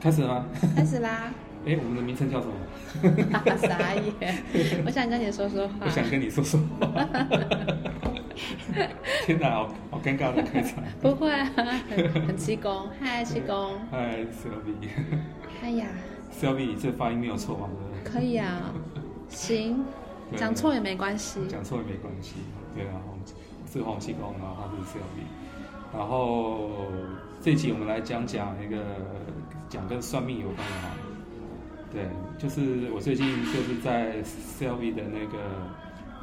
開始了嗎？開始啦！哎、欸，我們的名稱叫什麼？啊、傻眼！ 我想跟你說說話。我想跟你說說話。 天哪，好好尷尬的開場。不會、啊，很氣功。嗨，氣功。嗨，Selby。嗨呀，Selby，你這發音沒有錯嗎？可以啊， 行。講錯也沒關係。講錯也沒關係。對啊，我們是黃氣功，然後他是 Selby。然後這一集我們來講講一個。講跟算命有關的話，對，就是我最近就是在 Selby 的那個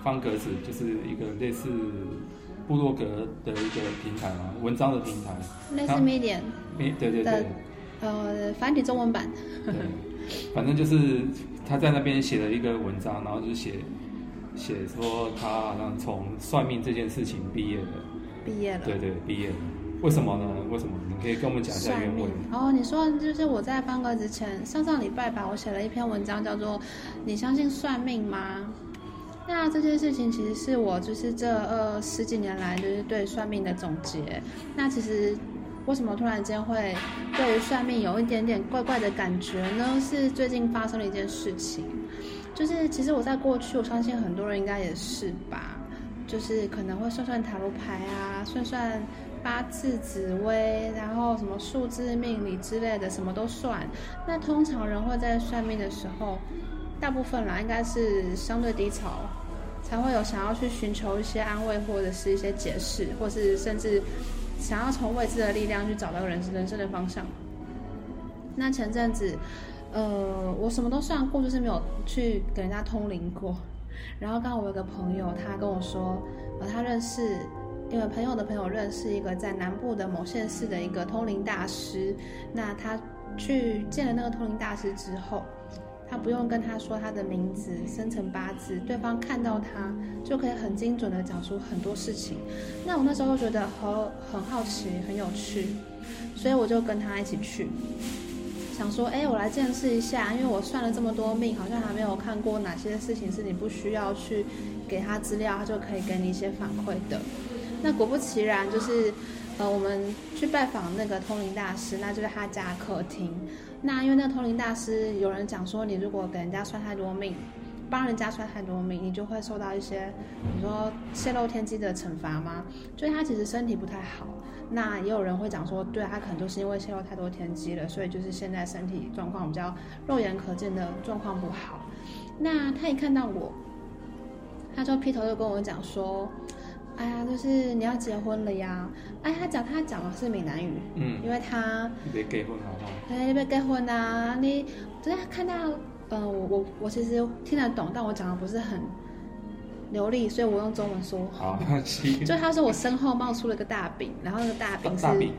方格子，就是一個類似部落格的一個平台嘛，文章的平台，類似 Medium，對對對，呃，繁體中文版。 對，反正就是他在那邊寫了一個文章，然後就寫寫說他好像從算命這件事情畢業了，畢業了，對對，畢業了。為什麼呢？為什麼？你可以跟我們講一下原因哦，你說就是我在辦個之前上上禮拜吧，我寫了一篇文章叫做“你相信算命嗎？”那這件事情其實是我就是這二十幾年來就是對算命的總結。那其實為什麼突然間會對於算命有一點點怪怪的感覺呢？是最近發生了一件事情，就是其實我在過去我相信很多人應該也是吧，就是可能會算算塔羅牌啊，算算八字、紫微，然後什麼數字命理之類的，什麼都算。那通常人會在算命的時候，大部分啦應該是相對低潮，才會有想要去尋求一些安慰，或者是一些解釋，或是甚至想要從未知的力量去找到人生人生的方向。那前陣子，呃，我什麼都算過，就是沒有去給人家通靈過。然後剛好我有一個朋友，他跟我說，他認識。因為朋友的朋友認識一個在南部的某縣市的一個通靈大師，那他去見了那個通靈大師之後，他不用跟他說他的名字、生辰八字，對方看到他就可以很精準的講出很多事情。那我那時候就覺得好很好奇、很有趣，所以我就跟他一起去，想說，哎，我來見識一下，因為我算了這麼多命，好像還沒有看過哪些事情是你不需要去給他資料，他就可以給你一些反饋的。那果不其然，就是，呃，我們去拜訪那個通靈大師，那就是他家客廳。那因為那個通靈大師，有人講說，你如果給人家算太多命，幫人家算太多命，你就會受到一些，比如說洩露天機的懲罰嗎？所以他其實身體不太好。那也有人會講說，對，他可能就是因為洩露太多天機了，所以就是現在身體狀況比較肉眼可見的狀況不好。那他一看到我，他就劈頭就跟我講說。哎呀，就是你要結婚了呀！哎，他講他講的是閩南語，嗯，因為他你別結婚，好不好？對，要結婚啊！你就是看到，嗯、呃，我我我其實聽得懂，但我講的不是很流利，所以我用中文說。好、啊，就他說我身後冒出了一個大餅， 然後那個大餅是。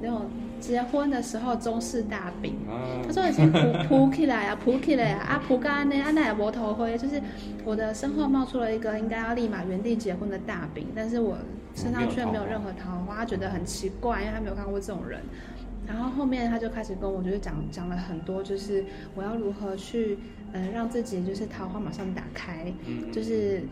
那種結婚的時候中式大餅、啊，他說以前：“你先鋪鋪起來啊，鋪起來啊，鋪乾那，阿奶魔頭灰，就是我的身後冒出了一個應該要立馬原地結婚的大餅，但是我身上卻沒有任何桃花，嗯、他覺得很奇怪，嗯，因為他沒有看過這種人。然後後面他就開始跟我就是講講了很多，就是我要如何去，嗯、讓自己就是桃花馬上打開，嗯嗯就是。”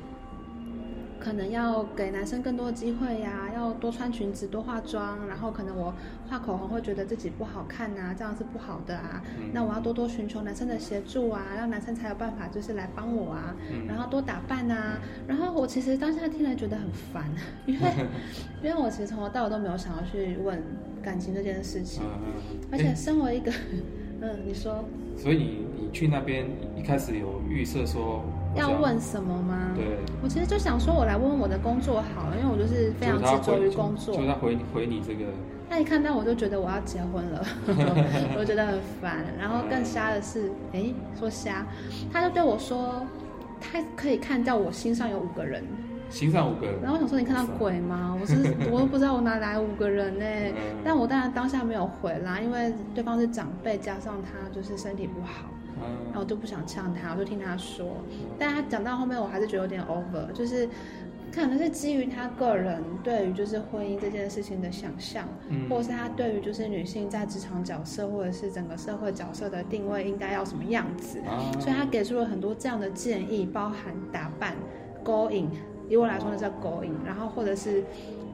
可能要給男生更多的機會呀、啊，要多穿裙子，多化妝，然後可能我畫口紅會覺得自己不好看吶、啊，這樣是不好的啊、嗯。那我要多多尋求男生的協助啊，讓男生才有辦法就是來幫我啊，嗯、然後多打扮啊。嗯、然後我其實當下聽了覺得很煩，因為 因為我其實從頭到尾都沒有想要去問感情這件事情，而且身為一個、嗯。 嗯，你說，所以你你去那邊一開始有預設說要問什麼嗎？對，我其實就想說，我來問問我的工作好了，因為我就是非常執着於工作。就他回就就他回，回你這個，那一看到我就覺得我要結婚了， 我覺得很煩。然後更瞎的是，哎， 說瞎，他就對我說，他可以看到我心上有五個人。身上五個人，然後我想說，你看到鬼嗎？是啊、我是我都不知道我哪來五個人呢，欸。 但我當然當下沒有回啦，因為對方是長輩，加上他就是身體不好，嗯、然後我就不想嗆他，我就聽他說。嗯、但他講到後面，我還是覺得有點 over，就是可能是基於他個人對於就是婚姻這件事情的想象，嗯、或者是他對於就是女性在職場角色或者是整個社會角色的定位應該要什麼樣子，嗯，所以他給出了很多這樣的建議，包含打扮、勾引。以我來說，是要勾引，然後或者是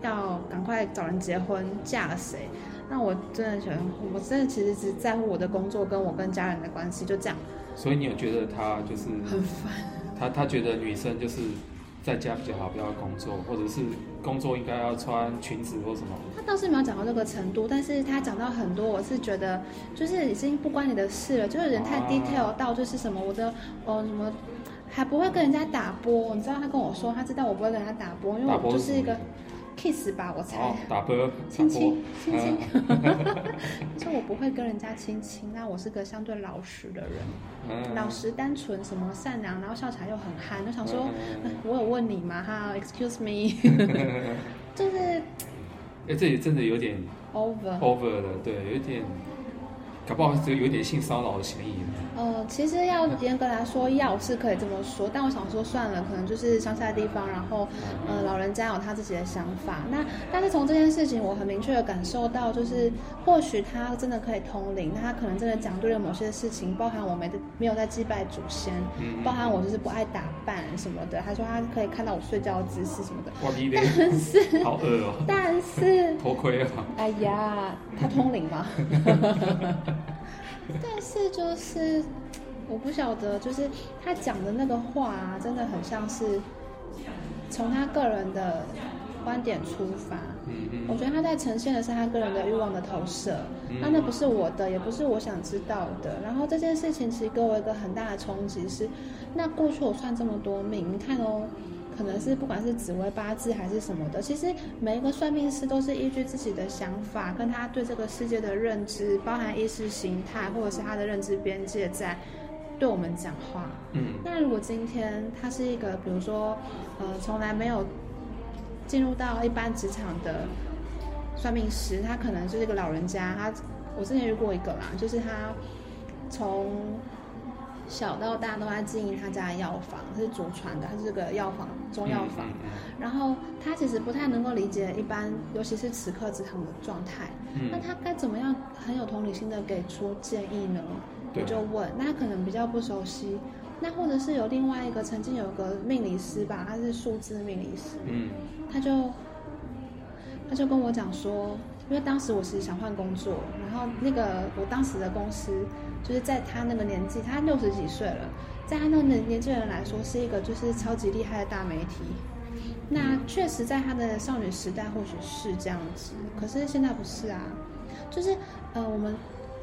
要趕快找人結婚，嫁了誰？那我真的覺得，我真的其實只在乎我的工作，跟我跟家人的關係，就這樣。所以你有覺得他就是很煩？他他覺得女生就是在家比較好，不要工作，或者是工作應該要穿裙子或什麼？他倒是沒有講到這個程度，但是他講到很多，我是覺得就是已經不關你的事了，就是人太 detail 到就是什麼我的哦、啊、什麼。還不會跟人家打啵，你知道他跟我說，他知道我不會跟人家打啵，因為我就是一個 kiss 吧，打啵，我猜，打啵，親親親親，輕輕輕輕嗯、 就是我不會跟人家親親。那我是個相對老實的人，嗯、老實單純，什麼善良，然後笑起來又很憨，就想說，嗯、我有問你嗎？哈，Excuse me，就是，哎、欸，這裡真的有點 over over 的對，有點。不好意思，有點性騷擾的嫌疑。呃，其實要嚴格來說，要是可以這麼說，但我想說算了，可能就是鄉下的地方，然後，呃，老人家有他自己的想法。那但是從這件事情，我很明確的感受到，就是或許他真的可以通靈，他可能真的講對了某些事情，包含我沒沒有在祭拜祖先嗯嗯，包含我就是不愛打扮什麼的。他說他可以看到我睡覺的姿勢什麼的，但是好餓哦，但是頭盔啊，哎呀，他通靈嗎？ 但是就是，我不曉得，就是他講的那個話啊，真的很像是從他個人的觀點出發。我覺得他在呈現的是他個人的欲望的投射。那、啊、那不是我的，也不是我想知道的。然後這件事情其實給我一個很大的衝擊是，那過去我算這麼多命，你看哦。可能是不管是紫微八字還是什麼的，其實每一個算命師都是依據自己的想法，跟他對這個世界的認知，包含意識形態，或者是他的認知邊界，在對我們講話。嗯，那如果今天他是一個，比如說，呃，從來沒有進入到一般職場的算命師，他可能就是一個老人家。他我之前遇過一個啦，就是他從。小到大都在經營他家藥房，是祖傳的，他是這個藥房中藥房、嗯。然後他其實不太能夠理解一般，尤其是此刻職場的狀態。那、嗯、他該怎麼樣很有同理心的給出建議呢？我就問，那、啊、可能比較不熟悉，那或者是有另外一個曾經有個命理師吧，他是數字命理師。嗯，他就他就跟我講說。因為當時我是想換工作，然後那個我當時的公司，就是在他那個年紀，他六十幾歲了，在他那個年紀人來說是一個就是超級厲害的大媒體。那確實在他的少女時代或許是這樣子，可是現在不是啊，就是呃我們。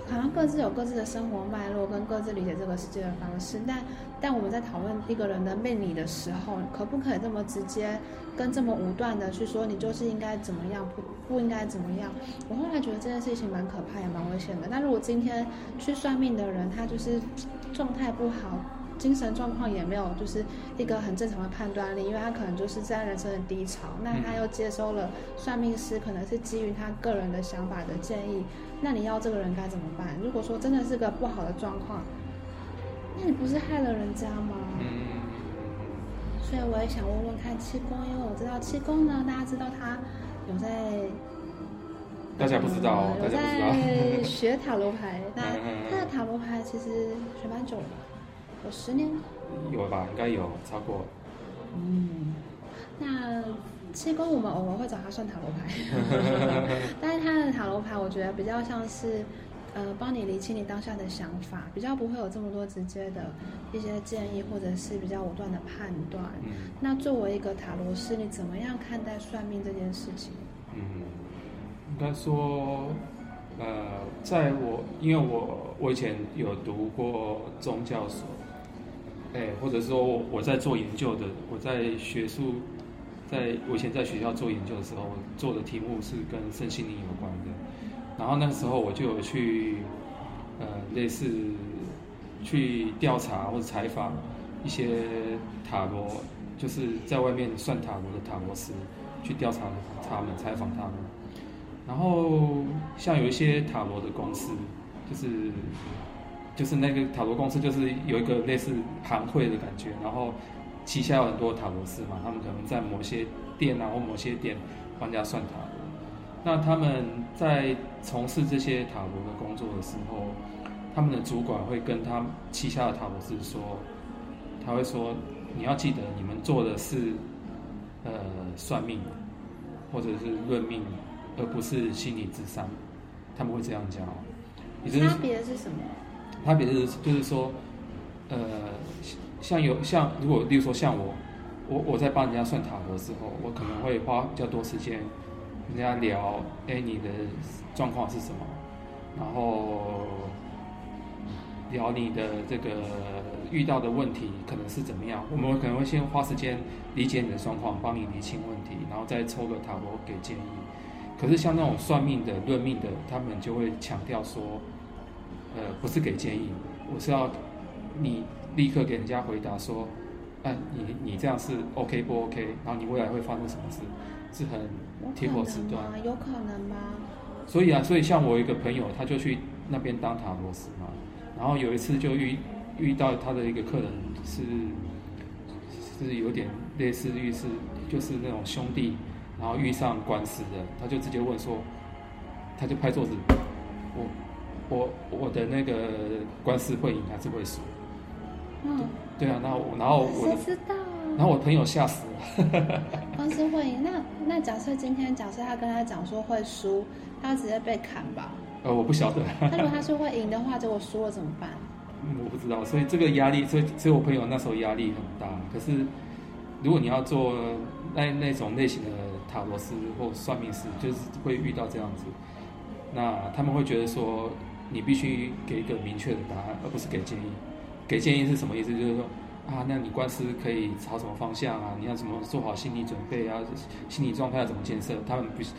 好像各自有各自的生活脈絡跟各自理解這個世界的方式，但但我們在討論一個人的命理的時候，可不可以這麼直接跟這麼武斷的去說你就是應該怎麼樣，不不應該怎麼樣？我後來覺得這件事情蠻可怕也蠻危險的。但如果今天去算命的人他就是狀態不好，精神狀況也沒有，就是一個很正常的判斷力，因為他可能就是在人生的低潮，那他又接收了算命師，可能是基於他個人的想法的建議，那你要這個人該怎麼辦？如果說真的是個不好的狀況，那你不是害了人家嗎？嗯，所以我也想問問看七公，因為我知道七公呢，大家知道他有在，嗯，大家不知道哦，嗯，大家不知道，有在學塔羅牌， 那他的塔羅牌其實學蠻久的。十年有吧，應該有超過。嗯，那七公我們偶爾會找他算塔羅牌， 但是他的塔羅牌我覺得比較像是，呃，幫你理清你當下的想法，比較不會有這麼多直接的一些建議，或者是比較武斷的判斷。嗯，那作為一個塔羅師，你怎麼樣看待算命這件事情？嗯，應該說，呃，在我因為我我以前有讀過宗教所。哎，或者說，我在做研究的，我在學術，在我以前在學校做研究的時候，做的題目是跟身心靈有關的。然後那個時候，我就有去，呃，類似去調查或者採訪一些塔羅，就是在外面算塔羅的塔羅師，去調查他們，採訪他們。然後，像有一些塔羅的公司，就是。就是那個塔羅公司，就是有一個類似行會的感覺，然後旗下有很多塔羅師嘛，他們可能在某些店啊或某些店幫人家算塔羅。那他們在從事這些塔羅的工作的時候，他們的主管會跟他旗下的塔羅師說，他會說，你要記得你們做的是呃算命或者是論命，而不是心理諮商。他們會這樣講，差別是什麼？他比如就是說，呃，像有像如果，比如說像我，我我在幫人家算塔羅的時候，我可能會花較多時間跟人家聊，哎、欸，你的狀況是什麼，然後聊你的這個遇到的問題可能是怎麼樣，我們可能會先花時間理解你的狀況，幫你理清問題，然後再抽個塔羅給建議。可是像那種算命的、論命的，他們就會強調說，呃，不是給建議，我是要你立刻給人家回答說，哎、啊，你你這樣是 OK 不 OK？然後你未來會發生什麼事？是很鐵口直斷，有可能嗎？所以啊，所以像我一個朋友，他就去那邊當塔羅師嘛，然後有一次就遇遇到他的一個客人是是有點類似於是就是那種兄弟，然後遇上官司的，他就直接問說，他就拍桌子，我。我我的那個官司會贏還是會輸？嗯，對，對啊，然後，然後我，我知道、啊我？然後我朋友嚇死了。 官司會贏？那那假設今天假設他跟他講說會輸，他直接被砍吧？呃、哦，我不曉得。那 如果他說會贏的話，結果輸了怎麼辦、嗯？我不知道，所以這個壓力，所以所以我朋友那時候壓力很大。可是如果你要做那那種類型的塔羅師或算命師，就是會遇到這樣子，那他們會覺得說。你必須給一個明確的答案，而不是給建議。給建議是什麼意思？就是說啊，那你官司可以朝什麼方向啊？你要怎麼做好心理準備啊？心理狀態要怎麼建設？他們不是，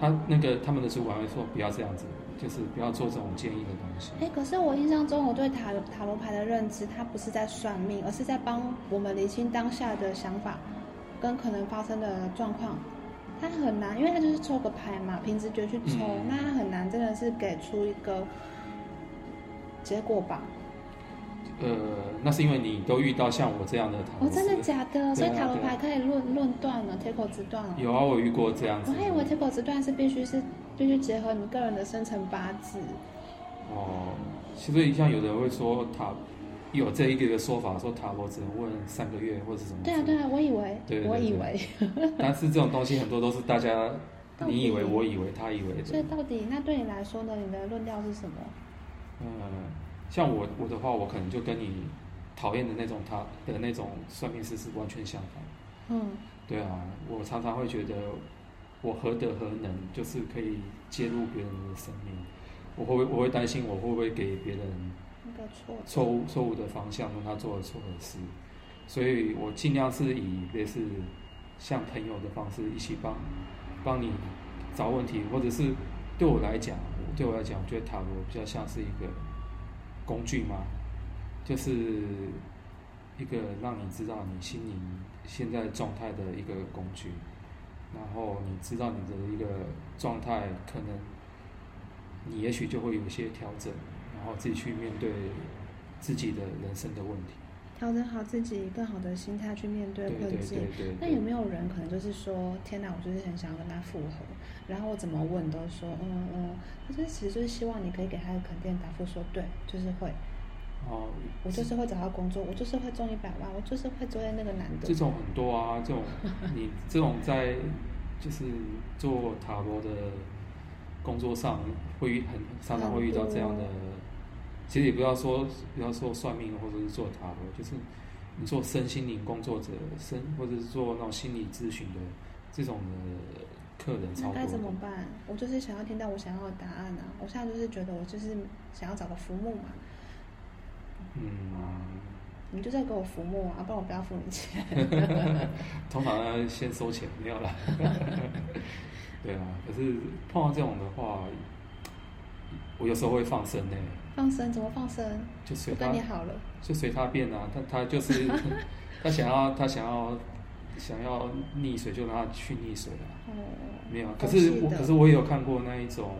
他那個他們的主管會說不要這樣子，就是不要做這種建議的東西。哎、欸，可是我印象中，我對塔塔羅牌的認知，他不是在算命，而是在幫我們理清當下的想法跟可能發生的狀況。他很難，因為他就是抽個牌嘛，憑直覺去抽、嗯，那很難，真的是給出一個。結果吧，呃，那是因為你都遇到像我這樣的塔羅牌、哦，我真的假的，啊、所以塔羅牌可以論論斷了，鐵口直斷？有啊，我遇過這樣子。我還以為鐵口直斷是必須是必須結合你個人的生辰八字。哦，其實像有人會說塔有這一個，一個說法，說塔羅只能問三個月或者什麼對、啊對啊對啊。對啊，對啊，我以為，我以為。 但是這種東西很多都是大家，你以為，我以為，他以為的。所以到底那對你來說呢？你的論調是什麼？嗯，像我我的話，我可能就跟你討厭的那種他的那種算命師是完全相反。嗯，對啊，我常常會覺得我何德何能，就是可以介入別人的生命，我會我會擔心我會不會給別人一個錯錯誤錯誤的方向，讓他做了錯的事，所以我盡量是以類似像朋友的方式一起幫幫你找問題，或者是對我來講。對我來講，我覺得塔羅比較像是一個工具嘛，就是一個讓你知道你心裡現在狀態的一個工具，然後你知道你的一個狀態，可能你也許就會有些調整，然後自己去面對自己的人生的問題。調整好自己，更好的心態去面對困境。那有沒有人可能就是說，天哪，我就是很想要跟他復合，然後我怎麼問都說，嗯嗯，他、嗯、就是其實就是希望你可以給他一個肯定的答覆，說對，就是會。哦，我就是會找到工作，我就是會中一百萬，我就是會坐在那個男的。這種很多啊，這種你這種在就是做塔羅的工作上會遇很常常會遇到這樣的、啊。其實也不要說，不要說算命或者是做塔羅，就是你做身心靈工作者，生或者是做那種心理諮詢的這種的客人的，那該怎麼辦？我就是想要聽到我想要的答案啊！我現在就是覺得我就是想要找個服務嘛。嗯、啊，你就在給我服務啊，不然我不要付你錢。 通常要先收錢，沒有啦。 對啊，可是碰到這種的話。我有時候會放生呢、欸。放生怎麼放生？就隨他，變好了。就隨他變啊！他他就是， 他想要他想要想要溺水，就讓他去溺水了、啊。哦、嗯。沒有，可是我可是我也有看過那一種，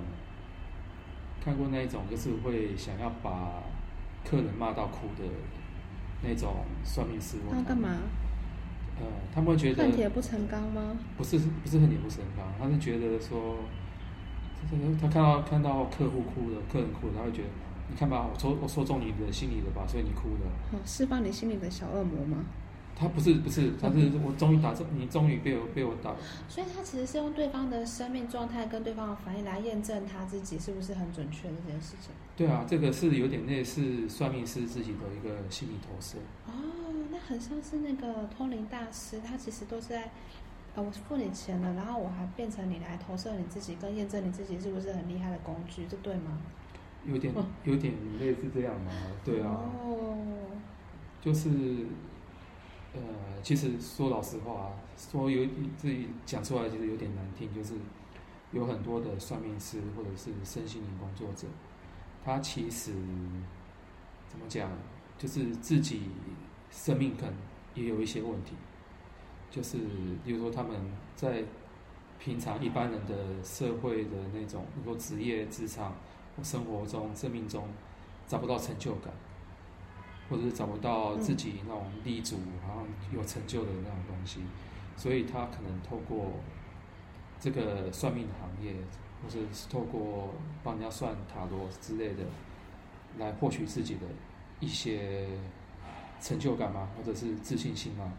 看過那一種，就是會想要把客人罵到哭的那種算命師。他幹嘛？呃，他們會覺得。恨鐵不成鋼嗎？不是，不是恨鐵不成鋼、嗯，他是覺得說。他看到看到客戶哭了，客人哭了，他會覺得，你看吧，我戳我說中你的心裡了吧，所以你哭的。哦，釋放你心裡的小惡魔嗎？他不是不是，他是我終於打中 你，終於被我被我打了。所以他其實是用對方的生命狀態跟對方的反應來驗證他自己是不是很準確這件事情。對啊，這個是有點類似算命師自己的一個心理投射。哦，那很像是那個通靈大師，他其實都是在。啊、哦，我付你錢了，然後我還變成你來投射你自己，跟驗證你自己是不是很厲害的工具，這對嗎？有點，有點類似這樣嘛、啊， 對啊。哦、oh.。就是，呃，其實說老實話、啊，說有自己講出來，其實有點難聽，就是有很多的算命師或者是身心靈工作者，他其實怎麼講，就是自己生命可能也有一些問題。就是，比如說他們在平常一般人的社會的那種，比如說職業、職場、生活中、生命中找不到成就感，或者是找不到自己那種立足、然後有成就的那種東西，所以他可能透過這個算命的行業，或者是透過幫人家算塔羅之類的，來獲取自己的一些成就感嘛，或者是自信心嘛。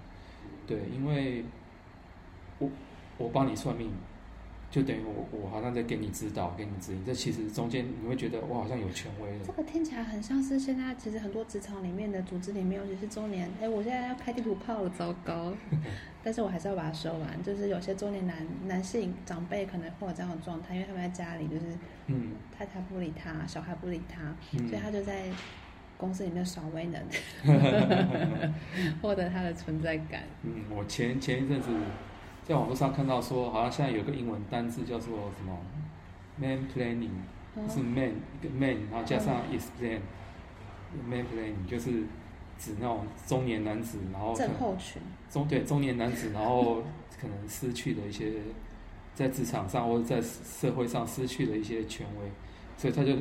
對，因為我我幫你算命，就等於我我好像在給你指導，給你指引。這其實中間你會覺得，我好像有權威。這個聽起來很像是現在其實很多職場裡面的組織裡面，尤其是中年，哎，我現在要開地圖炮了，糟糕！ 但是我還是要把它說完，就是有些中年男男性長輩可能會有這樣的狀態，因為他們在家裡就是，嗯，太太不理他，嗯，小孩不理他，嗯，所以他就在。公司裡面耍威能， 獲得他的存在感。 嗯，我前前一陣子在網絡上看到說，好像現在有個英文單字叫做什麼、嗯、“man planning”，、哦就是 man 一個 man，然後加上 explain，man、嗯、planning 就是指那種中年男子，然後。正後群。中對中年男子，然後可能失去了一些 在職場上或者在社會上失去了一些權威，所以他就。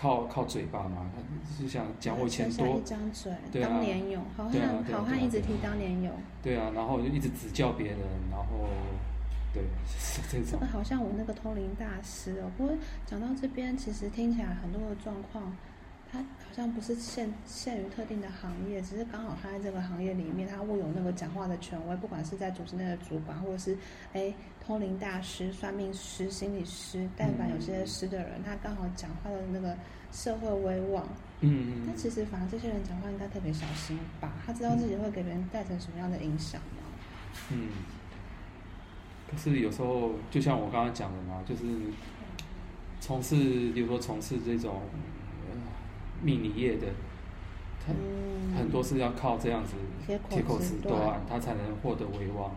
靠靠嘴巴嘛，他是想講我錢多，啊、一張嘴對、啊、當年勇，好漢好漢一直提當年勇，對啊，然後我就一直指教別人，然後對，是這種。這個好像我那個通靈大師哦，不過講到這邊，其實聽起來很多的狀況。他好像不是限限於特定的行業，只是剛好他在這個行業裡面，他握有那個講話的權威。不管是在組織內的主管，或者是、欸、通靈大師、算命師、心理師，但凡有些師的人，嗯、他剛好講話的那個社會威望。嗯嗯。但其實，反正這些人講話應該特別小心吧？他知道自己會給別人帶成什麼樣的影響嗎？嗯。可是有時候，就像我剛剛講的嘛，就是從事，比如說從事這種。命理業的，很多是要靠這樣子鐵口直斷、嗯、鐵口直斷，他才能獲得威望。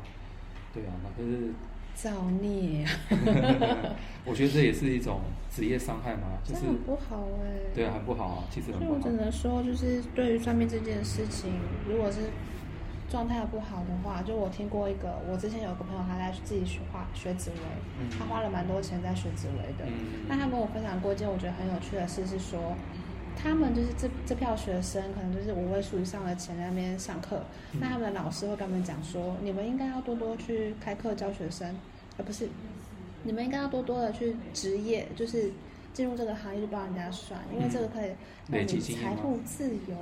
對啊，那可是造孽。 我覺得這也是一種職業傷害嘛，就是很不好哎、欸。對啊，很不好啊，其實所以我只能說，就是對於算命這件事情，如果是狀態不好的話，就我聽過一個，我之前有個朋友，他在自己學畫學紫微、嗯，他花了蠻多錢在學紫微的。那、嗯、他跟我分享過一件我覺得很有趣的事，是說。他們就是這這票學生，可能就是五位數以上的錢在那邊上課，嗯、那他們的老師會跟他們講說，你們應該要多多去開課教學生，而、呃、不是你們應該要多多的去職業，就是進入這個行業就幫人家算，因為這個可以讓你財富自由。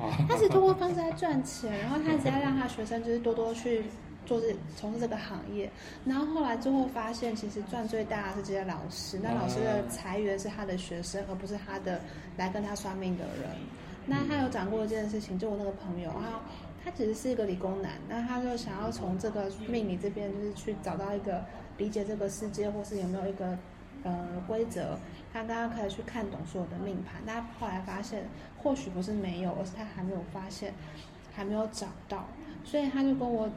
嗯、他是通過方式來賺錢， 然後他只要讓他學生就是多多去。做這，從事這個行業，然後後來最後發現，其實賺最大的是這些老師。那老師的財源是他的學生，而不是他的來跟他算命的人。那他有講過一件事情，就我那個朋友，他他其實是一個理工男，那他就想要從這個命理這邊，就是去找到一個理解這個世界，或是有沒有一個呃規則，讓大家可以去看懂所有的命盤。那後來發現，或許不是沒有，而是他還沒有發現，還沒有找到，所以他就跟我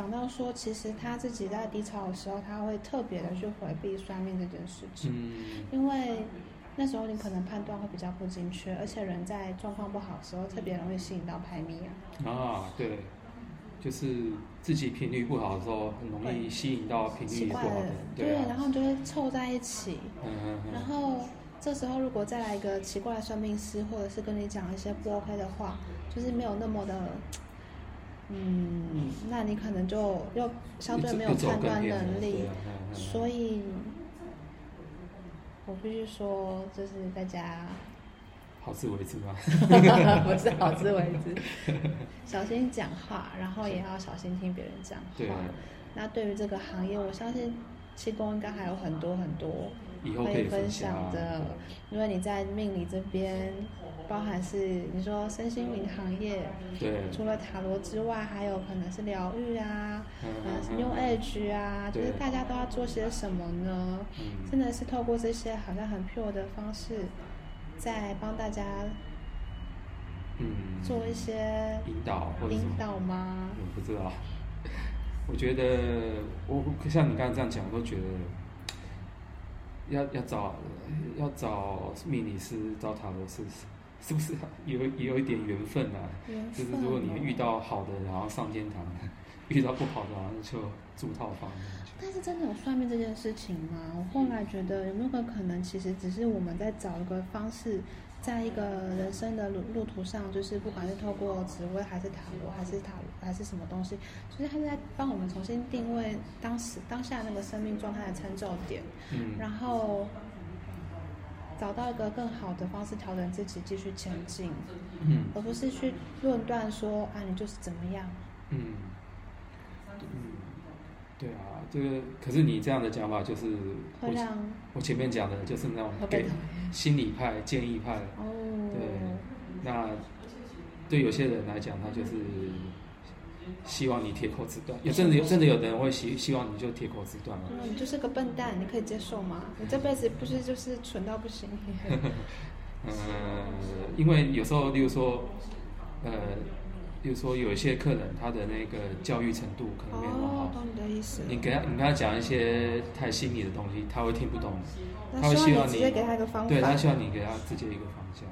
講到說，其實他自己在低潮的時候，他會特別的去回避算命這件事情，嗯，因為那時候你可能判斷會比較不精確，而且人在狀況不好的時候，特別容易吸引到排名。啊。啊，對，就是自己頻率不好的時候，很容易吸引到頻率奇怪的，對，對對啊，然後你就會湊在一起，嗯嗯嗯，然後這時候如果再來一個奇怪的算命師，或者是跟你講一些不 OK 的話，就是沒有那麼的。嗯，嗯，那你可能就又相對沒有判斷能力，嗯啊、所以，我必須說，就是大家，好自為之吧，我 是好自為之， 小心講話，然後也要小心聽別人講話，對、啊。那對於這個行業，我相信氣功應該還有很多很多可以分享的，啊、因為你在命理這邊。包含是你說身心靈行業、嗯，對，除了塔羅之外，還有可能是療癒啊，嗯是，New Age 啊，就是大家都要做些什麼呢？嗯，真的是透過這些好像很 pure 的方式，在幫大家，嗯，做一些、嗯、引導或是引導嗎？我不知道。我覺得我像你剛才這樣講，我都覺得要要找要找命理師，找塔羅師。是不是有也有一點緣分啊？緣分、哦、就是如果你遇到好的，然後上天堂；遇到不好的，然後就住套房。但是真的有算命這件事情嗎？我後來覺得，有沒有個可能，其實只是我們在找一個方式，在一個人生的路路途上，就是不管是透過職位，還是塔羅，還是塔羅，還是什麼東西，就是他在幫我們重新定位當時當下那個生命狀態的參照點。嗯，然後。找到一個更好的方式調整自己，繼續前進。嗯，而不是去論斷說啊，你就是怎麼樣。嗯，嗯，對啊，這個可是你這樣的講法，就是我會我前面講的就是那種給心理派、建議派。哦，對，那對有些人來講，他就是。希望你鐵口直斷，有真的有真的有的人會希希望你就鐵口直斷了。嗯，你就是個笨蛋，你可以接受嗎？你這輩子不是就是蠢到不行？ 嗯，因為有時候，比如說，呃，比如說有一些客人，他的那個教育程度可能沒有那麼好。哦，懂你的意思。你給他，你跟他講一些太心理的東西，他會聽不懂。他會希望你，你直接給他一個方向。對，他希望你給他直接一個方向。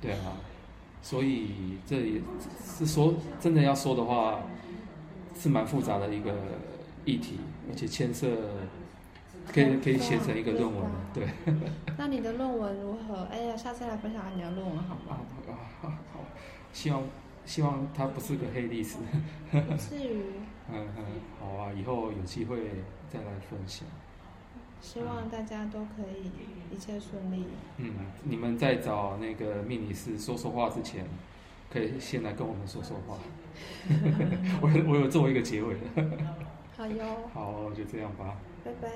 對啊。所以這也是說真的要說的話，是蠻複雜的一個議題，而且牽涉，可以可以寫成一個論文。對、啊。那你的論文如何？哎、欸、呀，下次來分享、啊、你的論文好嗎？好吧。好，希望希望它不是個黑歷史。不至於。嗯嗯，好啊，以後有機會再來分享。希望大家都可以一切順利。嗯，你們在找那個命理師說說話之前，可以先來跟我們說說話。 我我有做一個結尾。好喲。好，就這樣吧。拜拜。